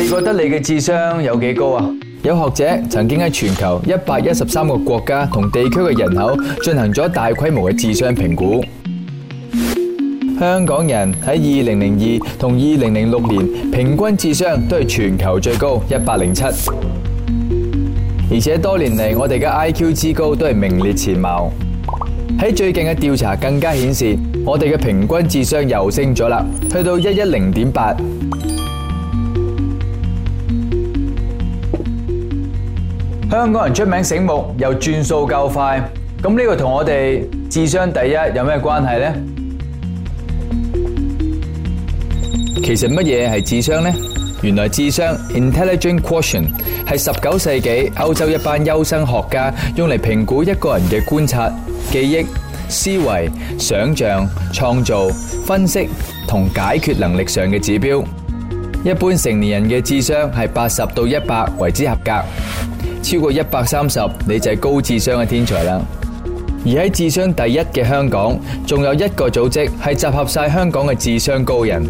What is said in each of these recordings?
你覺得你嘅智商有幾高啊？有學者曾經喺全球一百一十三個國家同地區嘅人口進行咗大規模嘅智商評估。香港人喺二零零二同二零零六年平均智商都係全球最高一百零七，而且多年嚟我哋嘅 IQ 之高都係名列前茅。喺最近嘅調查更加顯示，我哋嘅平均智商又升咗啦，去到一一零點八。香港人出名醒目又轉數夠快，咁呢個同我哋智商第一有咩關係呢？其實乜嘢係智商呢？原來智商 （intelligence quotient） 係十九世紀歐洲一班優生學家用嚟評估一個人嘅觀察、記憶、思維、想象、創造、分析同解決能力上嘅指標。一般成年人嘅智商係八十到一百為之合格。超過一百三十，你就係高智商嘅天才啦。而喺智商第一嘅香港，仲有一個組織係集合晒香港嘅智商高人。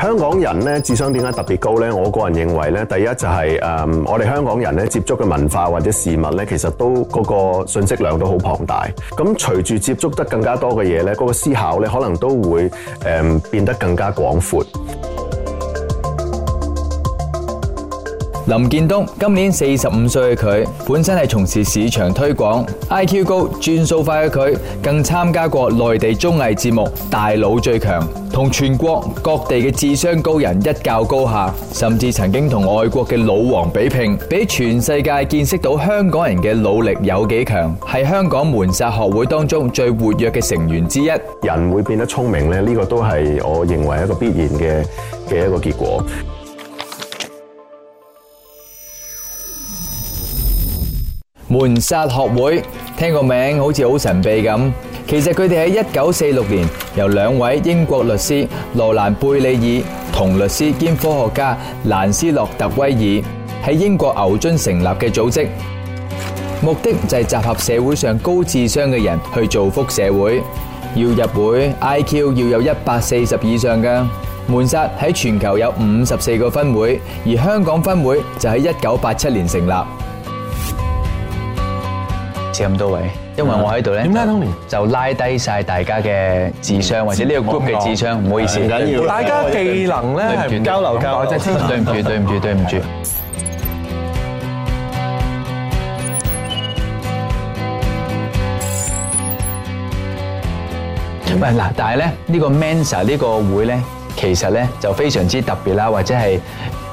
香港人呢，智商點解特別高呢？我個人認為呢，第一就係、是、誒、嗯，我哋香港人呢，接觸嘅文化或者事物呢，其實都嗰個信息量都好龐大。咁隨住接觸得更加多嘅嘢呢，嗰、那個思考呢，可能都會誒、嗯、變得更加廣闊。林建東今年四十五歲嘅佢，本身係從事市場推廣，IQ 高、轉數快嘅佢，更參加過內地綜藝節目《大佬最強》，同全國各地嘅智商高人一較高下，甚至曾經同外國嘅老王比拼，俾全世界見識到香港人嘅努力有幾強。係香港門薩學會當中最活躍嘅成員之一，人會變得聰明咧，呢個都係我認為一個必然嘅嘅一個結果。門薩學會聽個名好似好神秘咁，其實佢哋喺一九四六年由兩位英國律師羅蘭貝利爾同律師兼科學家蘭斯洛特威爾喺英國牛津成立嘅組織，目的就係集合社會上高智商嘅人去造福社會。要入會 IQ 要有一百四十以上嘅。門薩喺全球有五十四個分會，而香港分會就喺一九八七年成立。咁多位，因為我喺度咧，就拉低晒大家嘅智商，或者呢個 group 嘅智商。唔好意思，要大家技能咧係交流交流，對唔住流對唔住流對唔住。喂，嗱，但係咧呢個 Mensa 呢個會咧，其實咧就非常之特別啦，或者係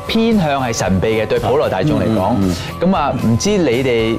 偏向係神秘嘅對普羅大眾嚟講。咁啊，唔知你哋。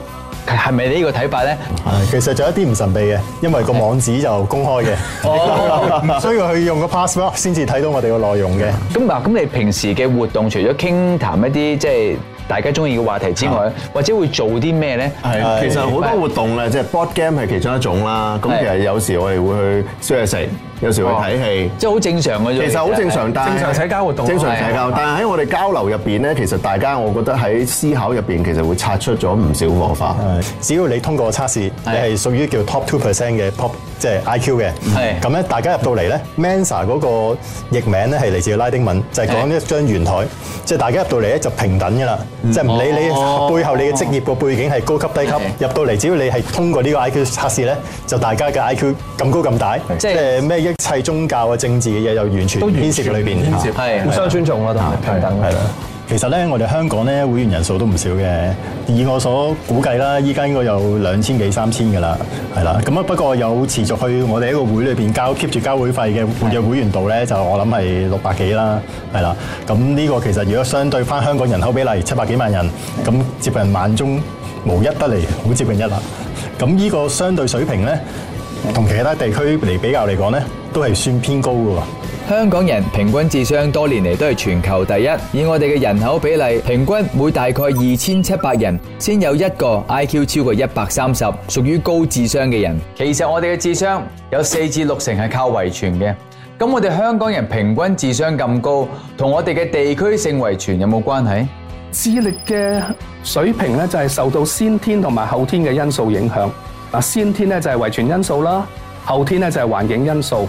係咪你呢個睇法咧？係，其實仲有一啲唔神秘嘅，因為個網址就公開嘅，唔需要去用個 password 先至睇到我哋個內容嘅。咁嗱，咁你平時嘅活動除咗傾談一啲即係大家中意嘅話題之外，的或者會做啲咩咧？係，其實好多活動咧，的即係 board game 係其中一種啦。咁的其實有時我哋會去燒嘢食。有時會睇戲，即係好正常嘅。啫，其實好正常，但正常社交活動，正常社交。但係喺我哋交流入邊咧，其實大家我覺得喺思考入邊，其實會擦出咗唔少火花。係，只要你通過測試，你係屬於叫 top two percent 嘅 top，即係 IQ 嘅。係。咁咧，大家入到嚟咧 Mensa 嗰個譯名咧係嚟自拉丁文，就係講一張圓台，即係大家入到嚟咧就平等㗎啦，即係唔理你背後你嘅職業個背景係高級低級入到嚟，只要你係通過呢個 IQ 測試咧，就大家嘅 IQ 咁高咁大，即係咩？一切宗教嘅政治嘅嘢又完全都冇牽涉裏邊，係互對對相尊重啊，都平等。係啦，其實咧，我哋香港咧會員人數都唔少嘅，以我所估計啦，依家應該有兩千幾三千嘅啦，係啦。咁啊對，不過有持續去我哋一個會裏邊交 keep 住交會費嘅活躍會員度咧，對就我諗係六百幾啦，係啦。咁呢對、個其實如果相對翻香港人口比例七百幾萬人，咁接近萬中無一得嚟，好接近一啦。咁呢個相對水平咧，同其他地區嚟比較嚟講咧。都係算偏高噶。香港人平均智商多年嚟都係全球第一，以我哋嘅人口比例，平均每大概二千七百人先有一個 IQ 超過一百三十，屬於高智商嘅人。其實我哋嘅智商有四至六成係靠遺傳嘅。咁我哋香港人平均智商咁高，同我哋嘅地區性遺傳有冇關係？智力嘅水平咧就係受到先天同埋後天嘅因素影響。嗱，先天咧就係遺傳因素啦。後天咧就係環境因素，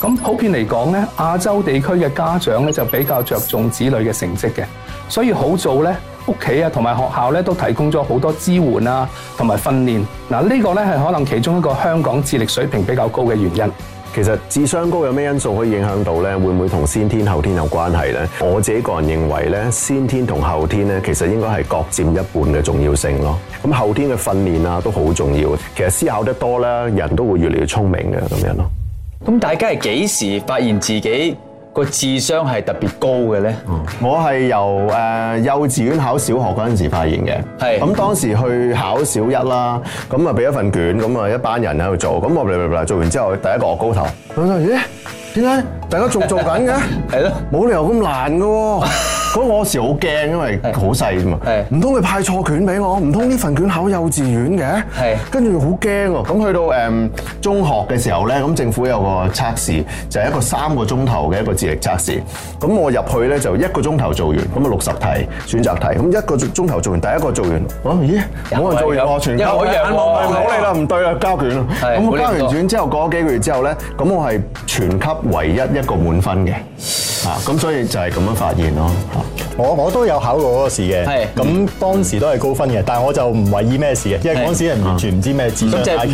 咁普遍嚟講咧，亞洲地區嘅家長咧就比較着重子女嘅成績嘅，所以好早咧，屋企啊同埋學校咧都提供咗好多支援啊，同埋訓練。嗱，呢個咧係可能其中一個香港智力水平比較高嘅原因。其實智商高有咩因素可以影響到咧？會唔會同先天後天有關係咧？我自己個人認為咧，先天同後天咧其實應該係各佔一半嘅重要性咯。咁後天嘅訓練啊，都好重要。其實思考得多咧，人都會越嚟越聰明嘅咁樣咯。咁大家係幾時發現自己個智商係特別高嘅咧、嗯？我係由誒幼稚園考小學嗰陣時發現嘅。係咁是當時去考小一啦，咁啊俾一份卷，咁啊一班人喺度做，咁我嚟嚟嚟，做完之後第一個我高頭，咦，點解大家做做緊嘅？係咯 了，冇理由咁難噶喎。 所以我嗰時好驚，因為好細啫嘛，唔通佢派錯卷俾我，唔通呢份卷考幼稚園嘅？跟住好驚喎。咁去到誒中學嘅時候咧，咁政府有個測試，就係、是、一個三個鐘頭嘅一個智力測試。咁我入去咧就一個鐘頭做完，咁啊六十題選擇題，咁一個鐘頭做完，第一個做完，啊、咦，冇人做完我的全級贏冇你啦，唔對啦，交卷啦。咁的我交完卷之後過咗幾個月之後咧，咁我係全級唯一一個滿分嘅，啊咁所以就係咁樣發現咯。我我都有考過嗰個試嘅，咁當時都係高分嘅，但係我就唔為意咩事嘅，因為嗰時係完全唔知咩資訊。即係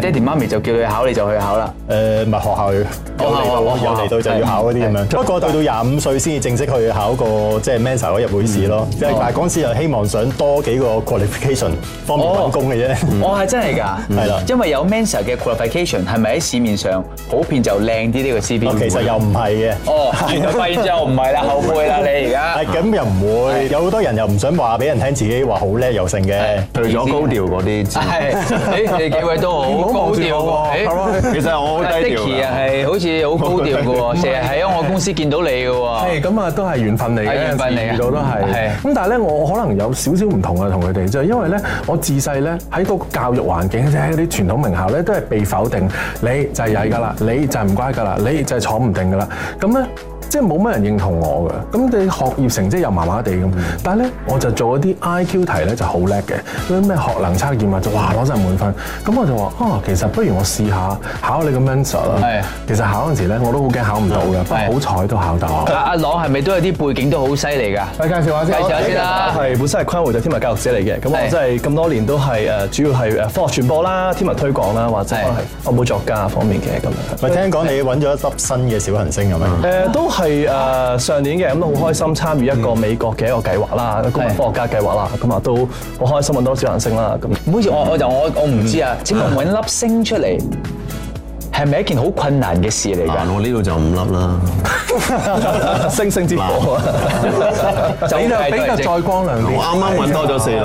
爹哋媽咪就叫佢考，你就去考啦。誒，咪學校有嚟到有嚟到就要考嗰啲咁樣。不過到到廿五歲先至正式去考個即係 Mensa 嗰入會試咯。但係嗰時又希望想多幾個 qualification 方便揾工嘅啫。我係真係噶，係啦，因為有 Mensa 嘅 qualification 係咪喺市面上普遍就靚啲呢個 CPM？其實又唔係嘅。哦，原來發現唔係啦，後悔啦你而家。係，咁又唔會有好多人又唔想話俾人聽，自己話好叻又成嘅。除咗高調嗰啲，係，誒，你幾位都好高調喎。其實我好低調。Dicky 啊，係好似好高調㗎喎，成日喺我公司見到你嘅喎。咁啊，都係緣分嚟嘅，緣分嚟啊，遇到都係。咁但係咧，我可能有少少唔同啊，同佢哋就係因為咧，我自細咧喺個教育環境，即係喺啲傳統名校咧，都係被否定。你就係曳㗎啦，你就係唔乖㗎啦，你就係坐唔定㗎啦。咁咧。即係冇乜人認同我㗎，咁你學業成績又麻麻地咁，但係咧我就做一啲 I.Q. 題咧就好叻嘅，嗰啲咩學能測驗啊，就哇攞晒滿分。咁我就話：哦，其實不如我試下考你個 Mensa 啦。係，是 其實考嗰陣時咧，我都好驚考唔到㗎，不過好彩都考到。是 阿朗係咪都有啲背景都好犀利㗎？誒，介紹下先。介紹下先啦。係本身係坤華嘅天文教育者嚟嘅，咁我真係咁多年都係誒，主要係科學傳播啦、天文推廣啦，或者係科普作家方面嘅咁樣。喂，聽講你揾咗一粒新嘅小行星係咪？誒、嗯，都係。係誒、呃、上年嘅，咁都好開心參與一個美國嘅一個計劃啦，一個、嗯、科學家計劃啦，咁啊都好開心揾到小行星啦咁。唔好似我我，就我我唔知啊，嗯、請問揾粒星出嚟。 係咪一件好困難嘅事嚟㗎？嗱、啊，我呢度就五粒啦， 星星之火啊，比較就比較再光亮啲。啱啱揾多咗四粒，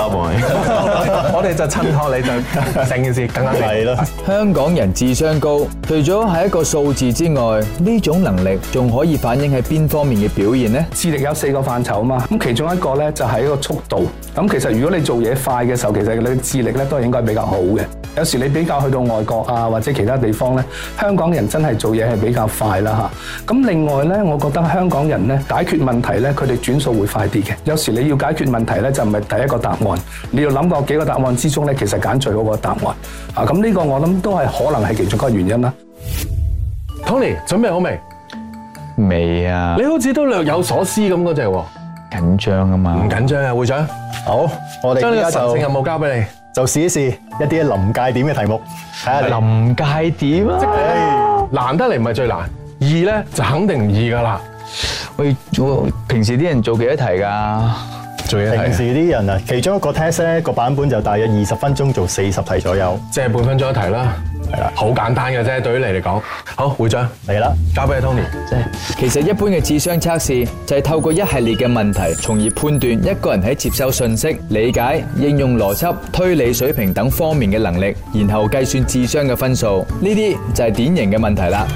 我哋就襯托你就成件事更加勁。係咯，香港人智商高，除咗係一個數字之外，呢種能力仲可以反映喺邊方面嘅表現呢？智力有四個範疇嘛，咁其中一個呢，就係一個速度。咁其實如果你做嘢快嘅時候，其實你智力呢都係應該比較好嘅。有時你比較去到外國啊，或者其他地方咧，香港人真係做嘢係比較快啦嚇。咁另外咧，我覺得香港人咧解決問題咧，佢哋轉數會快啲嘅。有時你要解決問題咧，就唔係第一個答案，你要諗過幾個答案之中咧，其實揀最好個答案。啊，咁呢個我諗都係可能係其中一個原因啦。Tony，準備好未？未啊！你好似都略有所思咁嗰隻喎。緊張啊嘛！唔緊張啊，會長。好，我哋將呢個神聖任務交俾你。就試一試一啲臨界點嘅題目，睇下臨界點啊，即係難得嚟唔係最難，易呢就肯定唔易噶啦。喂，平時啲人做幾多題噶？做幾多題啊，平時啲人啊，其中一個 test 呢個版本就大約二十分鐘做四十題左右，即係半分鐘一題啦。好簡單嘅啫，對於你嚟講，好，會長嚟啦，來了 交俾你 Tony。即係，其實一般嘅智商測試就係透過一系列嘅問題，從而判斷一個人喺接收信息、理解、應用邏輯、推理水平等方面嘅能力，然後計算智商嘅分數。呢啲就係典型嘅問題啦。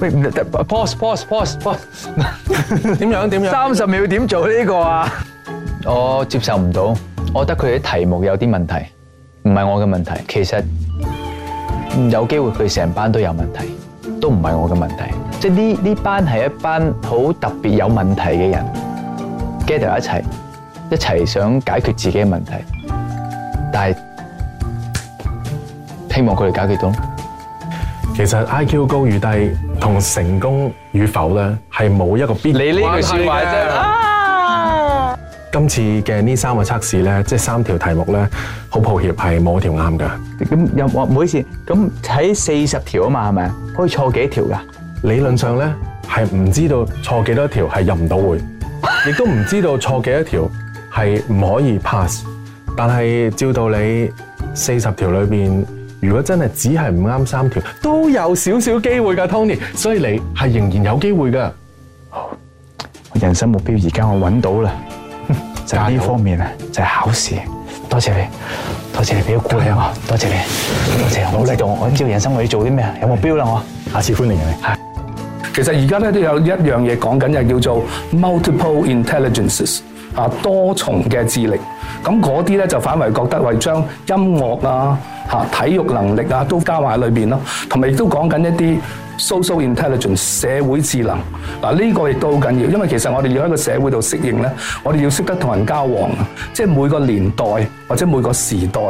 喂，唔得 pause，pause，pause，pause 點樣？點樣？三十秒點做呢個啊？我接受唔到，我覺得佢哋啲題目有啲問題，唔係我嘅問題。其實有機會佢哋成班都有問題，都唔係我嘅問題。即係呢呢班係一班好特別有問題嘅人 gather 一齊，一齊想解決自己嘅問題。但係希望佢哋解決到。其實 IQ 高與低同成功與否咧，係冇一個必然。你呢句説話啫的。啊今次嘅呢三個測試咧，即係三條題目咧，好抱歉係冇一條啱嘅。咁又唔好意思，咁睇四十條啊嘛，係咪？可以錯幾條噶？理論上咧係唔知道錯幾多條係入唔到會，亦都唔知道錯幾多條係唔可以 pass。但係照道理四十條裏邊，如果真係只係唔啱三條，都有少少機會嘅，Tony。所以你係仍然有機會嘅。好，人生目標而家我揾到啦。就呢方面啊，就係考試。多謝你，多謝你俾個鼓勵我。油多謝你，多謝。勵我嚟到，我知人生我要做啲咩，有目標啦。我下次歡迎你。係是。其實而家咧都有一樣嘢講緊，就叫做 multiple intelligences 啊，多重嘅智力。咁嗰啲咧就反為覺得為將音樂啊、嚇體育能力啊都加埋喺裏邊咯。同埋亦都講緊一啲。Social intelligence，社會智能。嗱，呢個亦都好緊要，因為其實我哋要喺個社會度適應咧，我哋要識得同人交往，即係每個年代或者每個時代，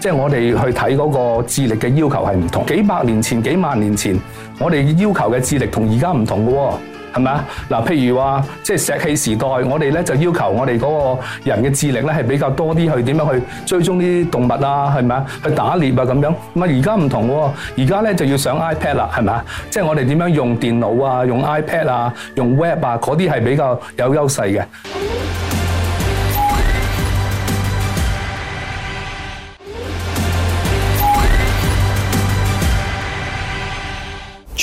即係我哋去睇嗰個智力嘅要求係唔同。幾百年前、幾萬年前，我哋要求嘅智力同而家唔同嘅喎。係咪啊？嗱，譬如話，即係石器時代，我哋咧就要求我哋嗰個人嘅智力咧係比較多啲去點樣去追蹤啲動物啊，係咪啊？去打獵啊咁樣。咁啊而家唔同喎，而家咧就要上 iPad 啦，係咪啊？即係我哋點樣用電腦啊，用 iPad 啊，用 Web 啊，嗰啲係比較有優勢嘅。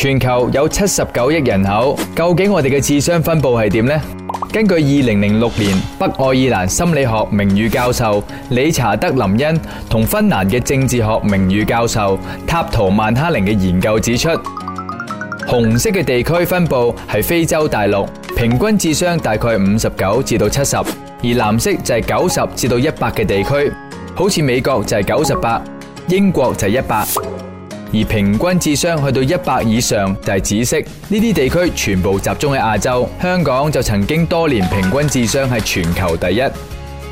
全球有七十九億人口，究竟我哋嘅智商分布係點呢？根據二零零六年北愛爾蘭心理學名譽教授理查德林恩同芬蘭嘅政治學名譽教授塔圖曼哈林嘅研究指出，紅色嘅地區分布係非洲大陸，平均智商大概五十九至到七十，而藍色就係九十至到一百嘅地區，好似美國就係九十八，英國就係一百。而平均智商去到一百以上就係、是、紫色，呢啲地區全部集中喺亞洲。香港就曾經多年平均智商係全球第一。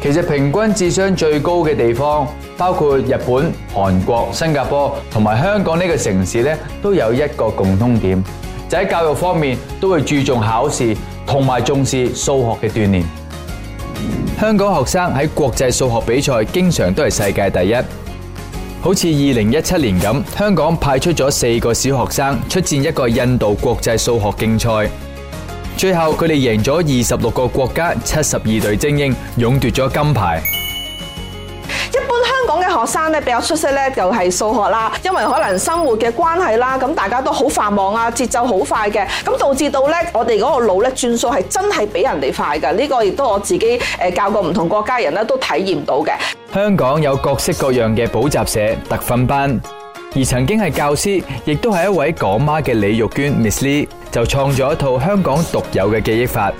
其實平均智商最高嘅地方包括日本、韓國、新加坡同埋香港呢個城市咧，都有一個共通點，就喺、是、教育方面都會注重考試同埋重視數學嘅鍛煉。香港學生喺國際數學比賽經常都係世界第一。好似二零一七年咁，香港派出咗四個小學生出戰一個印度國際數學競賽，最後佢哋贏咗二十六個國家七十二隊精英，勇奪咗金牌。學生咧比較出色咧，就係數學啦，因為可能生活嘅關係啦，咁大家都好繁忙啊，節奏好快嘅，咁導致到咧我哋嗰個腦咧轉數係真係比人哋快噶，呢個亦都我自己誒教過唔同國家人咧都體驗到嘅。香港有各式各樣嘅補習社、特訓班，而曾經係教師，亦都係一位港媽嘅李玉娟 Miss Lee 就創咗一套香港獨有嘅記憶法。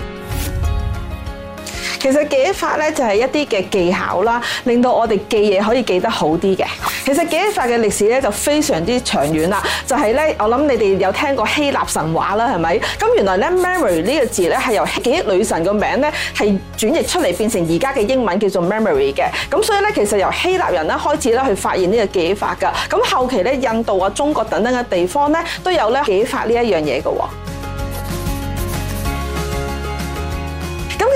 其實記憶法咧就係一啲嘅技巧啦，令到我哋記嘢可以記得好啲嘅。其實記憶法嘅歷史咧就非常之長遠啦。就係咧，我諗你哋有聽過希臘神話啦，係咪？咁原來咧，memory 呢個字咧係由記憶女神個名咧係轉譯出嚟變成而家嘅英文叫做 memory 嘅。咁所以咧，其實由希臘人咧開始咧去發現呢個記憶法噶。咁後期咧，印度啊、中國等等嘅地方咧都有咧記憶法呢一樣嘢嘅喎。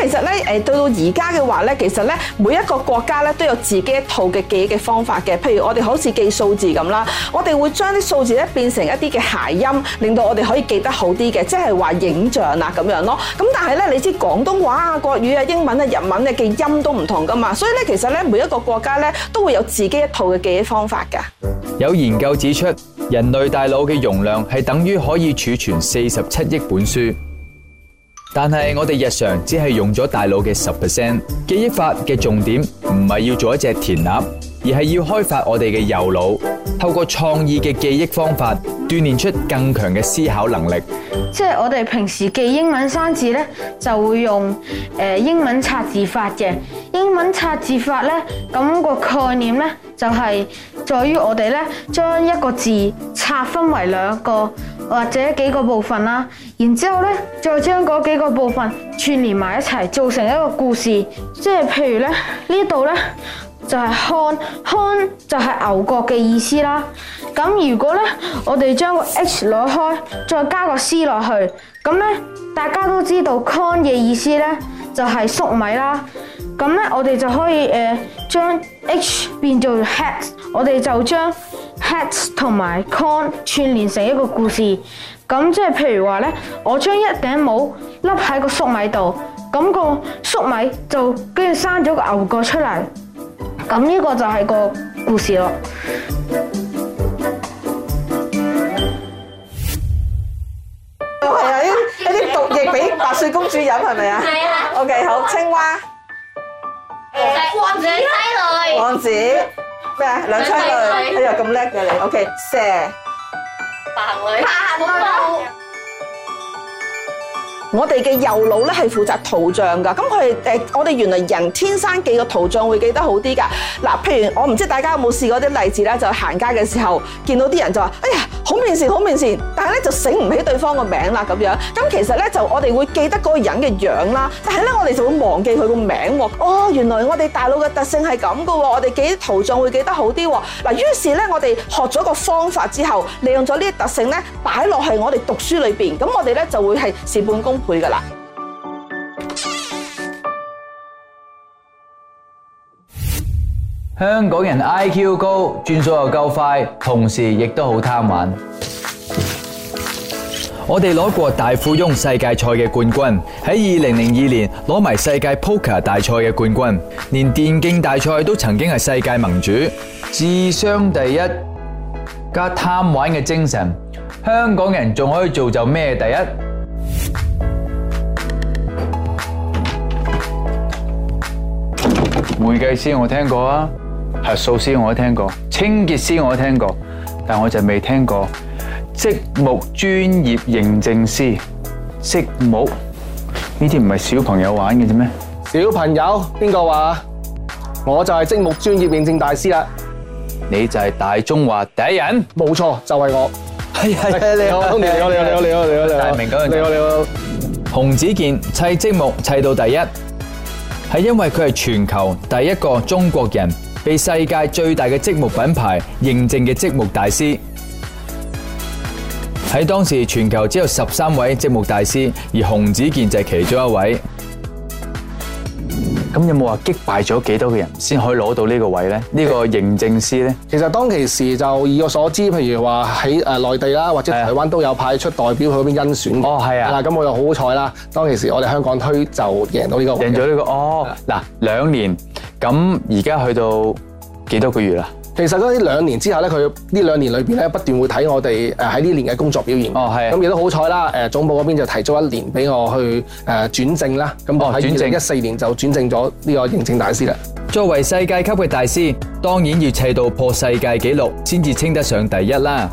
其實咧，誒，到到而家嘅話咧，其實咧，每一個國家咧都有自己一套嘅記憶嘅方法嘅。譬如我哋好似記數字咁啦，我哋會將啲數字咧變成一啲嘅諧音，令到我哋可以記得好啲嘅，即係話影像啊咁樣咯。咁但係咧，你知廣東話啊、國語啊、英文啊、日文嘅記音都唔同噶嘛。所以咧，其實咧，每一個國家咧都會有自己一套嘅記憶方法噶。有研究指出，人類大腦嘅容量係等於可以儲存四十七億本書。但係我哋日常只係用咗大腦嘅十 percent，記憶法嘅重點唔係要做一隻填鴨，而係要開發我哋嘅右腦，透過創意嘅記憶方法。鍛煉出更強嘅思考能力。即係我哋平時記英文生字呢，就會用誒英文拆字法嘅。英文拆字法呢，咁個概念呢，就係在於我哋呢，將一個字拆分為兩個或者幾個部分啦。然之後咧，再將嗰幾個部分串連埋一齊，做成一個故事。即係譬如咧，呢度呢。就係 horn，horn 就係牛角嘅意思啦。咁如果呢，我哋將個 h 攞開，再加個 c 落去，咁呢，大家都知道 corn 嘅意思呢，就係、是、粟米啦。咁呢，我哋就可以誒將、呃、h 變做 hat，我哋就將 hat 同埋 corn 串連成一個故事。咁即係譬如話呢，我將一頂帽笠喺個粟米度，咁、那個粟米就跟住生咗個牛角出嚟。咁呢個就係個故事咯。都係啊！一啲毒液俾白雪公主飲係咪啊？係啊。O K 好，青蛙。王子兩棲類。王子咩啊？兩棲類。哎呀，咁叻嘅你。O K 蛇。爬行類。爬行類。我哋嘅右腦咧係負責圖像噶，咁佢誒我哋原來人天生記個圖像會記得好啲噶。嗱，譬如我唔知大家有冇試過啲例子咧，就行街嘅時候見到啲人就話：哎呀，好面善，好面善，但係咧就醒唔起對方個名啦咁樣。咁其實咧就我哋會記得嗰個人嘅樣啦，但係咧我哋就會忘記佢個名喎。哦，原來我哋大腦嘅特性係咁噶喎，我哋記圖像會記得好啲喎。嗱，於是咧我哋學咗個方法之後，利用咗呢啲特性咧擺落喺我哋讀書裏邊，咁我哋咧就會係事半功。香港人 IQ 高，轉數又夠快，同時亦都好貪玩。 我哋攞過大富翁世界賽嘅冠軍，喺二零零二年攞埋世界 Poker 大賽嘅冠軍，連電競大賽都曾經係世界盟主。智商第一加貪玩嘅精神，香港人仲可以做就咩第一？會計師我聽過啊，核數師我都聽過，清潔師我都聽過，但我就未聽過積木專業認證師。積木呢啲唔係小朋友玩嘅啫咩？小朋友邊個話？我就係積木專業認證大師啦。你就係大中華第一人。冇錯就係我。係係，你好，你好你好，你好你好，你好你好。大明哥你好你好。洪子健砌積木砌到第一，係因為佢係全球第一個中國人，被世界最大嘅積木品牌認證嘅積木大師。喺當時，全球只有十三位積木大師，而洪子健就係其中一位。咁有冇話擊敗咗幾多個人先可以攞到呢個位呢？呢個認證師呢？其實當其時就以我所知，譬如話喺誒內地啦，或者台灣都有派出代表去嗰邊甄選。哦，係啊。嗱，咁我就好彩啦。當其時我哋香港推就贏到呢個。贏咗呢個哦！嗱，兩年咁而家去到幾多個月啦？其實嗰兩年之後咧，佢呢兩年裏面咧不斷會睇我哋誒喺呢年嘅工作表現。哦，係。咁亦都好彩啦！總部嗰邊就提早一年俾我去誒轉正啦。咁喺轉正一四年就轉正咗呢個認證大師啦。作為世界級嘅大師，當然要砌到破世界紀錄先至稱得上第一啦。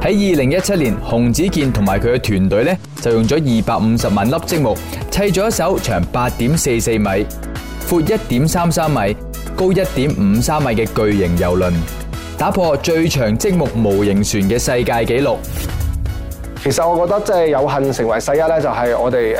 喺二零一七年，洪子健同埋佢嘅團隊咧就用咗二百五十萬粒積木砌咗一手長八點四四米、闊一點三三米。1> 高一點五三米嘅巨型郵輪，打破最長積木模型船嘅世界紀錄。其實我覺得真係有幸成為世一咧，就係我哋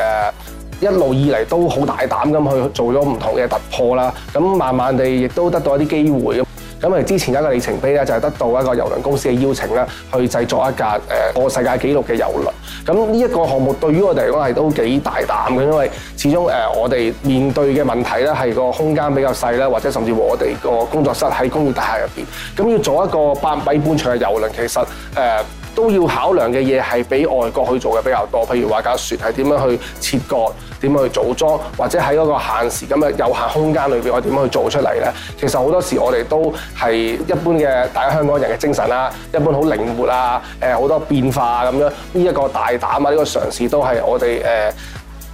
誒一路以嚟都好大膽咁去做咗唔同嘅突破啦。咁慢慢地亦都得到一啲機會。因為之前有一個里程碑，咧，就係、是、得到一個郵輪公司嘅邀請咧，去製作一架誒破世界紀錄嘅郵輪。咁呢一個項目對於我哋嚟講係都幾大膽嘅，因為始終誒、呃、我哋面對嘅問題咧係個空間比較細啦，或者甚至乎我哋個工作室喺工業大廈入邊，咁、嗯、要做一個八米半長嘅郵輪，其實誒，呃都要考量嘅嘢係比外國去做嘅比較多，譬如話，架船係點樣去切割，點樣去組裝，或者喺嗰個限時咁嘅有限空間裏邊，我點樣去做出嚟咧？其實好多時我哋都係一般嘅，大家香港人嘅精神啦，一般好靈活啊，誒好多變化咁樣呢一，個大膽啊，呢，個嘗試都係我哋誒、呃、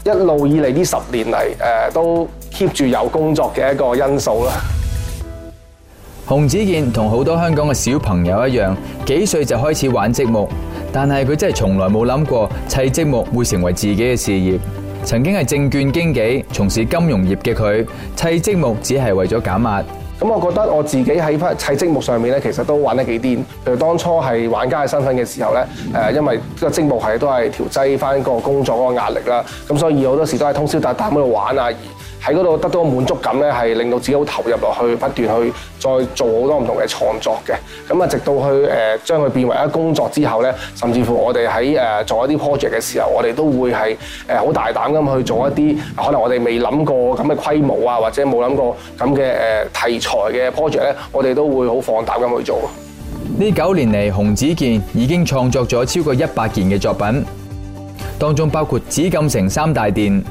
一路以嚟呢十年嚟誒、呃、都 keep 住有工作嘅一個因素啦。洪子健同好多香港嘅小朋友一樣，幾歲就開始玩積木，但係佢真係從來冇諗過砌積木會成為自己嘅事業。曾經係證券經紀、從事金融業嘅佢，砌積木只係為咗減壓。咁我覺得我自己喺翻砌積木上面咧，其實都玩得幾癲。譬如當初係玩家嘅身份嘅時候咧，誒，因為個積木係都係調劑翻個工作嗰個壓力啦。咁所以好多時都係通宵達旦喺度玩啊。喺嗰度得到滿足感咧，係令到自己好投入落去，不斷去再做好多唔同嘅創作嘅。咁啊，直到去誒將佢變為一工作之後咧，甚至乎我哋喺誒做一啲 project 嘅時候，我哋都會係誒好大膽咁去做一啲可能我哋未諗過咁嘅規模啊，或者冇諗過咁嘅誒題材嘅 project 咧，我哋都會好放膽咁去做。呢九年嚟，熊子健已經創作咗超過一百件嘅作品，當中包括紫禁城三大殿。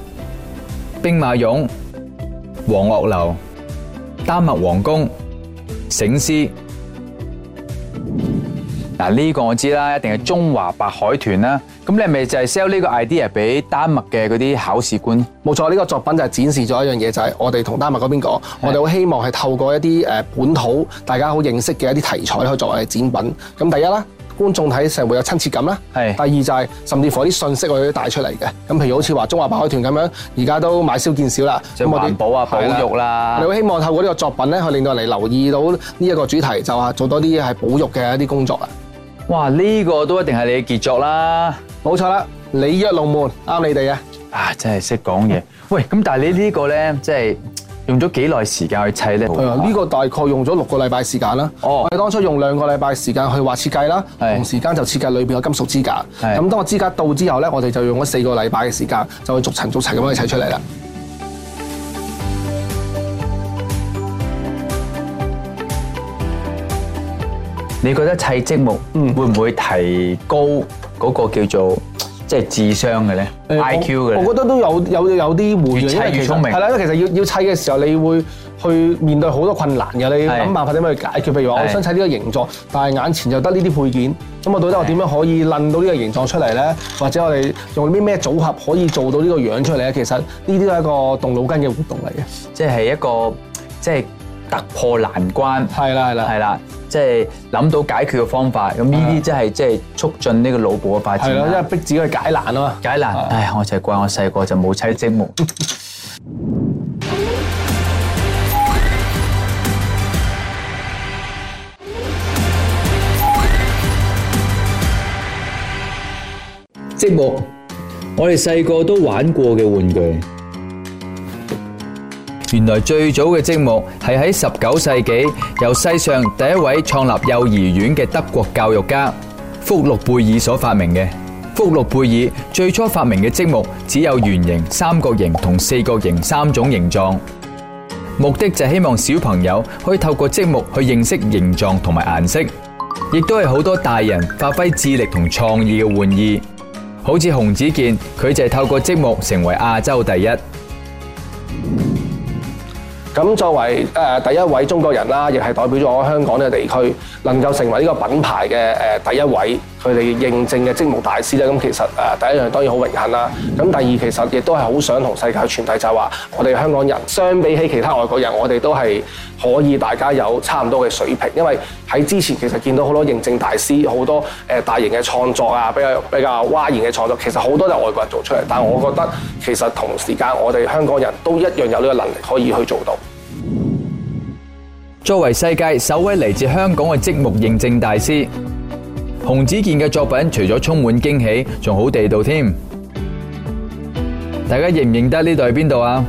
兵馬俑、黃鶴樓、丹麥皇宮、醒獅。嗱，呢個我知啦，一定係中華白海豚啦。咁你係咪就係 sell 呢個 idea 俾丹麥嘅嗰啲考試官？冇錯，呢、這個作品就係展示咗一樣嘢，就係、是、我哋同丹麥嗰邊講，的我哋好希望係透過一啲誒本土大家好認識嘅一啲題材去作為展品。咁的第一啦。觀眾睇成會有親切感啦。第二就係甚至乎啲信息佢都帶出嚟嘅，咁，譬如好似話《中華白海豚》咁樣，而家都買少見少啦。咁我哋保啊保育啦，你好希望透過呢個作品咧，去令到嚟留意到呢一個主題，就話做多啲係保育嘅一啲工作啊。哇！呢個都一定係你嘅傑作啦，冇錯啦，你一龍門啱你哋啊。啊！真係識講嘢。喂，咁但係你呢個咧，即係。用咗幾耐時間去砌呢？呢、呢個大概用咗六個禮拜時間啦。哦、我哋當初用兩個禮拜時間去畫設計啦，同是的 時間就設計裏邊嘅金屬支架。咁是的 當個支架到之後呢，我哋就用咗四個禮拜嘅時間，就去逐層逐層咁樣砌出嚟啦。你覺得砌積木會唔會提高嗰個叫做？即係智商嘅咧，欸，IQ 嘅。我覺得都有有有啲回。越砌越聰明。係啦，因為其實要要砌嘅時候，你會去面對好多困難嘅。你諗辦法點樣去解決？係啦。譬如話，我想砌呢個形狀，但係眼前就得呢啲配件。咁啊，到底我點樣可以諗到呢個形狀出嚟咧？係啦。或者我哋用啲咩組合可以做到呢個樣出嚟咧？其實呢啲都係一個動腦筋嘅活動嚟嘅。即係一個即係。突破難關，係啦係啦，係啦，即係諗到解決嘅方法。咁呢啲真係即係促進呢個腦部嘅發展。係咯，因為逼自己去解難咯。解難，唉，我就係怪我細個就冇砌積木。積木，我哋細個都玩過嘅玩具。原來最早嘅積木係喺十九世紀由世上第一位創立幼兒園嘅德國教育家福禄貝爾所發明嘅。福禄貝爾最初發明嘅積木只有圓形、三角形同四角形三種形狀，目的就係希望小朋友可以透過積木去認識形狀同埋顏色，亦都係好多大人發揮智力同創意嘅玩意。好似洪子健，佢就係透過積木成為亞洲第一。咁作為誒第一位中國人啦，亦係代表咗香港呢個地區能夠成為呢個品牌嘅誒第一位佢哋認證嘅積木大師咧。咁其實誒第一樣當然好榮幸啦。咁第二其實亦都係好想同世界傳遞就係話，我哋香港人相比起其他外國人，我哋都係可以大家有差唔多嘅水平。因為喺之前其實見到好多認證大師，好多誒大型嘅創作啊，比較比較嘩然嘅創作，其實好多都係外國人做出嚟。但係我覺得其實同時間我哋香港人都一樣有呢個能力可以去做到。作為世界首位嚟自香港嘅積木認證大師，洪子健嘅作品除咗充滿驚喜，仲好地道添。大家認唔認得呢度係邊度啊？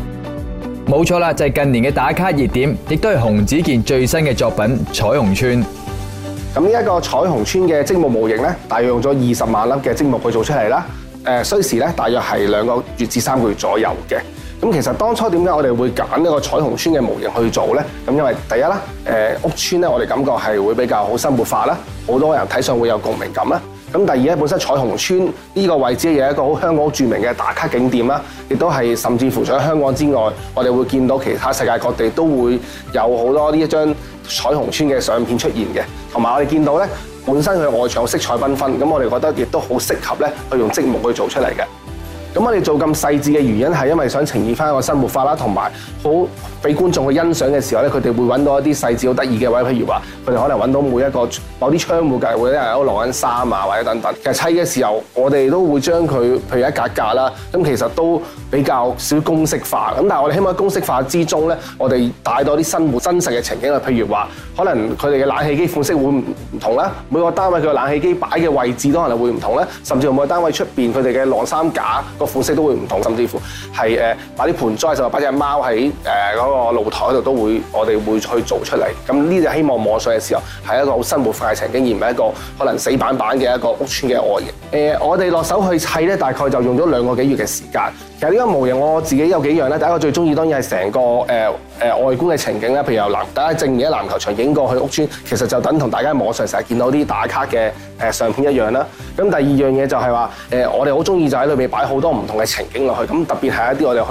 冇錯啦，就係近年嘅打卡熱點，亦都係洪子健最新嘅作品《彩虹村》。咁呢一個彩虹村嘅積木模型咧，大約用咗二十萬粒嘅積木去做出嚟啦。誒，需時咧，大約係兩個月至三個月左右嘅。咁其實當初點解我哋會揀一個彩虹村嘅模型去做咧？咁因為第一啦，誒屋村咧，我哋感覺係會比較好生活化啦，好多人睇上會有共鳴感啦。咁第二咧，本身彩虹村呢個位置有一個好香港著名嘅打卡景點啦，亦都係甚至乎除咗香港之外，我哋會見到其他世界各地都會有好多呢一張彩虹村嘅相片出現嘅。同埋我哋見到咧，本身佢外牆色彩繽紛，咁我哋覺得亦都好適合咧去用積木去做出嚟嘅。咁我哋做咁細緻嘅原因係因為想呈現返個生活化啦，同埋好俾觀眾去欣賞嘅時候咧，佢哋會揾到一啲細緻好得意嘅位，譬如話佢哋可能揾到每一個某啲窗戶嘅會有人喺度晾緊衫啊，或者等等。其實砌嘅時候，我哋都會將佢譬如一格一格啦。咁其實都比較少公式化。咁但係我哋希望喺公式化之中咧，我哋帶多啲生活真實嘅情景啊。譬如話，可能佢哋嘅冷氣機款式會唔同啦。每個單位佢嘅冷氣機擺嘅位置，都可能會唔同啦。甚至乎每個單位出邊佢哋嘅晾衫架個款式都會唔同。甚至乎係誒擺啲盆栽，甚至係擺隻貓喺誒嗰個露台度都會，我哋會去做出嚟。咁呢就希望望水嘅時候係一個好生活化。曬場經驗唔係一個可能死板板嘅一個屋村嘅外形。誒，我哋落手去砌咧，大概就用咗兩個幾月嘅時間。其實呢個模型我，我自己有幾樣咧，第一個最中意當然係成個誒誒外觀嘅情景啦，譬如由籃，大家正面喺籃球場影過去屋村，其實就等同大家網上成日見到啲打卡嘅誒相片一樣啦。咁第二樣嘢就係話誒，我哋好中意就喺裏面擺好多唔同嘅情景落去，咁特別係一啲我哋去。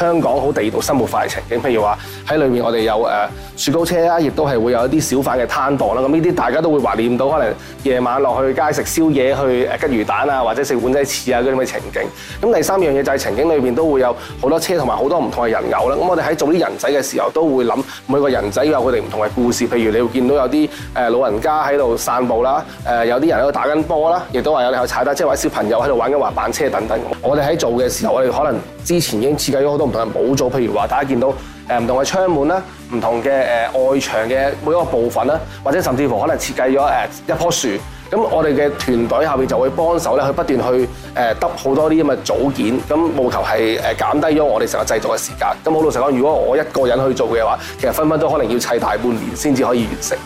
香港好地道生活化嘅情景，譬如話喺裏面我哋有誒、呃、雪糕車啦，亦都係會有一啲小販嘅攤檔啦。咁呢啲大家都會懷念到，可能夜晚落去街食宵夜，去誒吉魚蛋啊，或者食碗仔翅啊嗰啲咁嘅情景。咁第三樣嘢就係、是、情景裏邊都會有好多車同埋好多唔同嘅人偶啦。咁我哋喺做啲人仔嘅時候，都會諗每個人仔有佢哋唔同嘅故事。譬如你會見到有啲誒老人家喺度散步啦，誒有啲人喺度打緊波啦，亦都話有你去踩單車或者小朋友喺度玩緊滑板車等等。我哋喺做嘅時候，我哋可能之前已經設計咗好多。同埋模組，譬如話，大家見到誒唔同嘅窗門啦，唔同嘅誒外牆嘅每一個部分啦，或者甚至乎可能設計咗誒一棵樹。咁我哋嘅團隊下面就會幫手咧，去不斷去誒揀好多啲咁嘅組件，咁務求係誒減低咗我哋成個製作嘅時間。咁好老實講，如果我一個人去做嘅話，其實分分鐘都可能要砌大半年先至可以完成。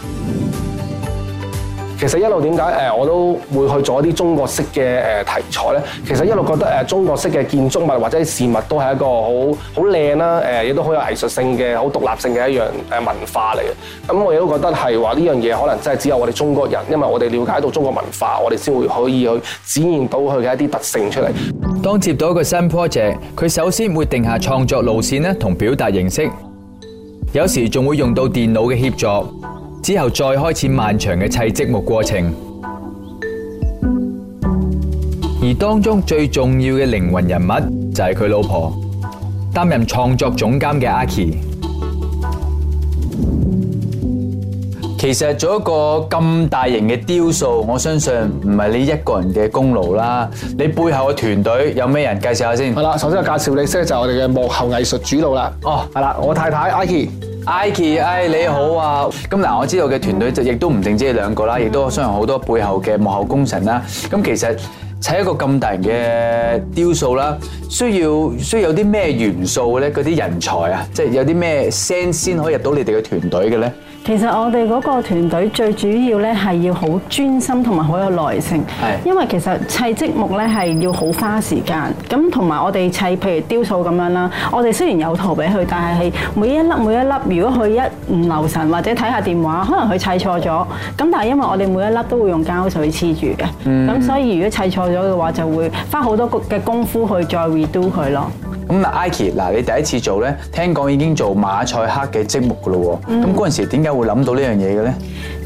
其實一路點解誒，我都會去做一啲中國式嘅誒題材咧。其實一路覺得誒，中國式嘅建築物或者事物都係一個好好靚啦，誒，亦都好有藝術性嘅，好獨立性嘅一樣誒文化嚟嘅。咁，嗯，我亦都覺得係話呢樣嘢，可能真係只有我哋中國人，因為我哋了解到中國文化，我哋先會可以去展現到佢嘅一啲特性出嚟。當接到一個新 project，佢首先會定下創作路線咧同表達形式，有時仲會用到電腦嘅協助。之後再開始漫長嘅砌積木過程，而當中最重要嘅靈魂人物就係佢老婆，擔任創作總監嘅阿琪。其實做一個咁大型嘅雕塑，我相信唔係你一個人嘅功勞啦。你背後嘅團隊有咩人介紹下先？好啦，首先我介紹你識咧就係我哋嘅幕後藝術主導啦。哦，係啦，我太太阿琪。Ike，哎，I、i，你好啊！咁嗱、嗯，我知道嘅團隊就亦都唔淨止你兩個啦，亦都相信好多背後嘅幕後功臣啦。咁其實砌一個咁大型嘅雕塑啦，需要需要有啲咩元素咧？嗰啲人才啊，即係有啲咩聲先可以入到你哋嘅團隊嘅咧？其實我哋嗰個團隊最主要咧係要好專心同埋好有耐性，是的 因為其實砌積木咧係要好花時間。咁同埋我哋砌譬如雕塑咁樣啦，我哋雖然有圖俾佢，但係係每一粒每一粒，如果佢一唔留神或者睇下電話，可能佢砌錯咗。咁但係因為我哋每一粒都會用膠水黐住嘅，咁、嗯、所以如果砌錯咗嘅話，就會花好多嘅功夫去再 redo 佢咯。咁嗱，IKE，嗱，i, 你第一次做咧，聽講已經做馬賽克嘅積木噶咯喎，咁嗰陣時點解會諗到呢樣嘢嘅咧？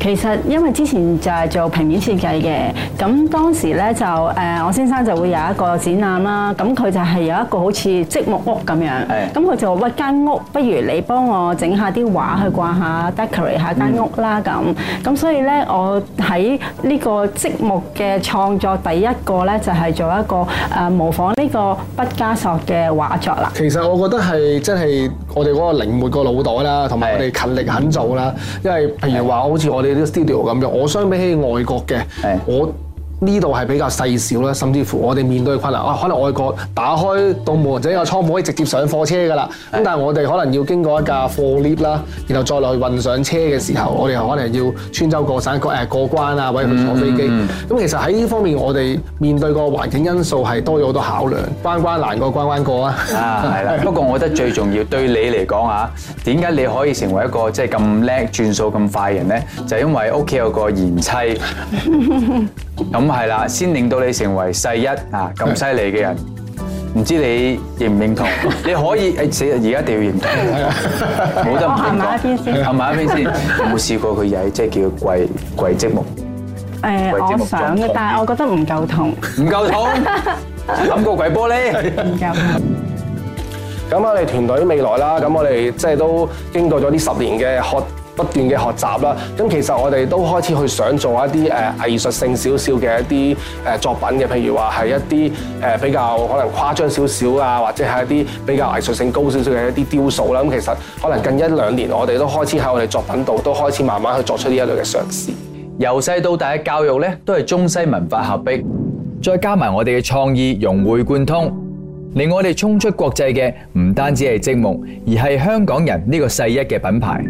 其實因為之前就係做平面設計嘅，咁當時咧就誒，我先生就會有一個展覽啦，咁佢就係有一個好似積木屋咁樣，咁佢的就話：屈一間屋，不如你幫我整下啲畫去掛下，decorate 下間屋啦咁。咁、嗯、所以咧，我喺呢個積木嘅創作第一個咧就係、是、做一個誒，模仿呢個畢加索嘅畫作啦。其實我覺得係真係我哋個靈活個腦袋啦，同埋我哋勤力肯做啦。的因為譬如話好似我哋。啲 studio 咁樣，我相比起外國嘅，我。呢度係比較細小啦，甚至乎我哋面對嘅困難，哇！可能外國打開到門或者個倉門可以直接上貨車㗎啦，咁是的 但係我哋可能要經過一架貨 lift 啦，然後再落去運上車嘅時候，我哋可能要穿州過省過誒過關啊，或者去坐飛機。咁、嗯嗯、其實喺呢方面，我哋面對個環境因素係多咗好多考量，關關難過關關過啊！啊的，係啦 不過我覺得最重要對你嚟講啊，點解你可以成為一個即係咁叻轉數咁快嘅人咧？就係呢就係、因為屋企有個賢妻咁。 係啦，先令到你成為世一啊，咁犀利嘅人，唔知你認唔認同？你可以誒，其實而家一定要認同，冇得唔同。我行埋一邊先，行埋一邊先，冇試過佢曳，即係叫跪跪積木。誒，我想嘅，但係我覺得唔夠痛，唔夠痛，冇諗過跪玻璃。唔夠痛。咁我哋團隊未來啦，咁我哋即係都經過咗呢十年嘅學。不斷嘅學習啦，咁其實我哋都開始去想做一啲誒藝術性少少嘅一啲誒作品嘅，譬如話係一啲誒比較可能誇張少少啊，或者係一啲比較藝術性高少少嘅一啲雕塑啦。咁其實可能近一兩年我哋都開始喺我哋作品度都開始慢慢去作出呢一類嘅嘗試。由細到大嘅教育咧，都係中西文化合璧，再加埋我哋嘅創意融會貫通，令我哋衝出國際嘅唔單止係積木，而係香港人呢個世一嘅品牌。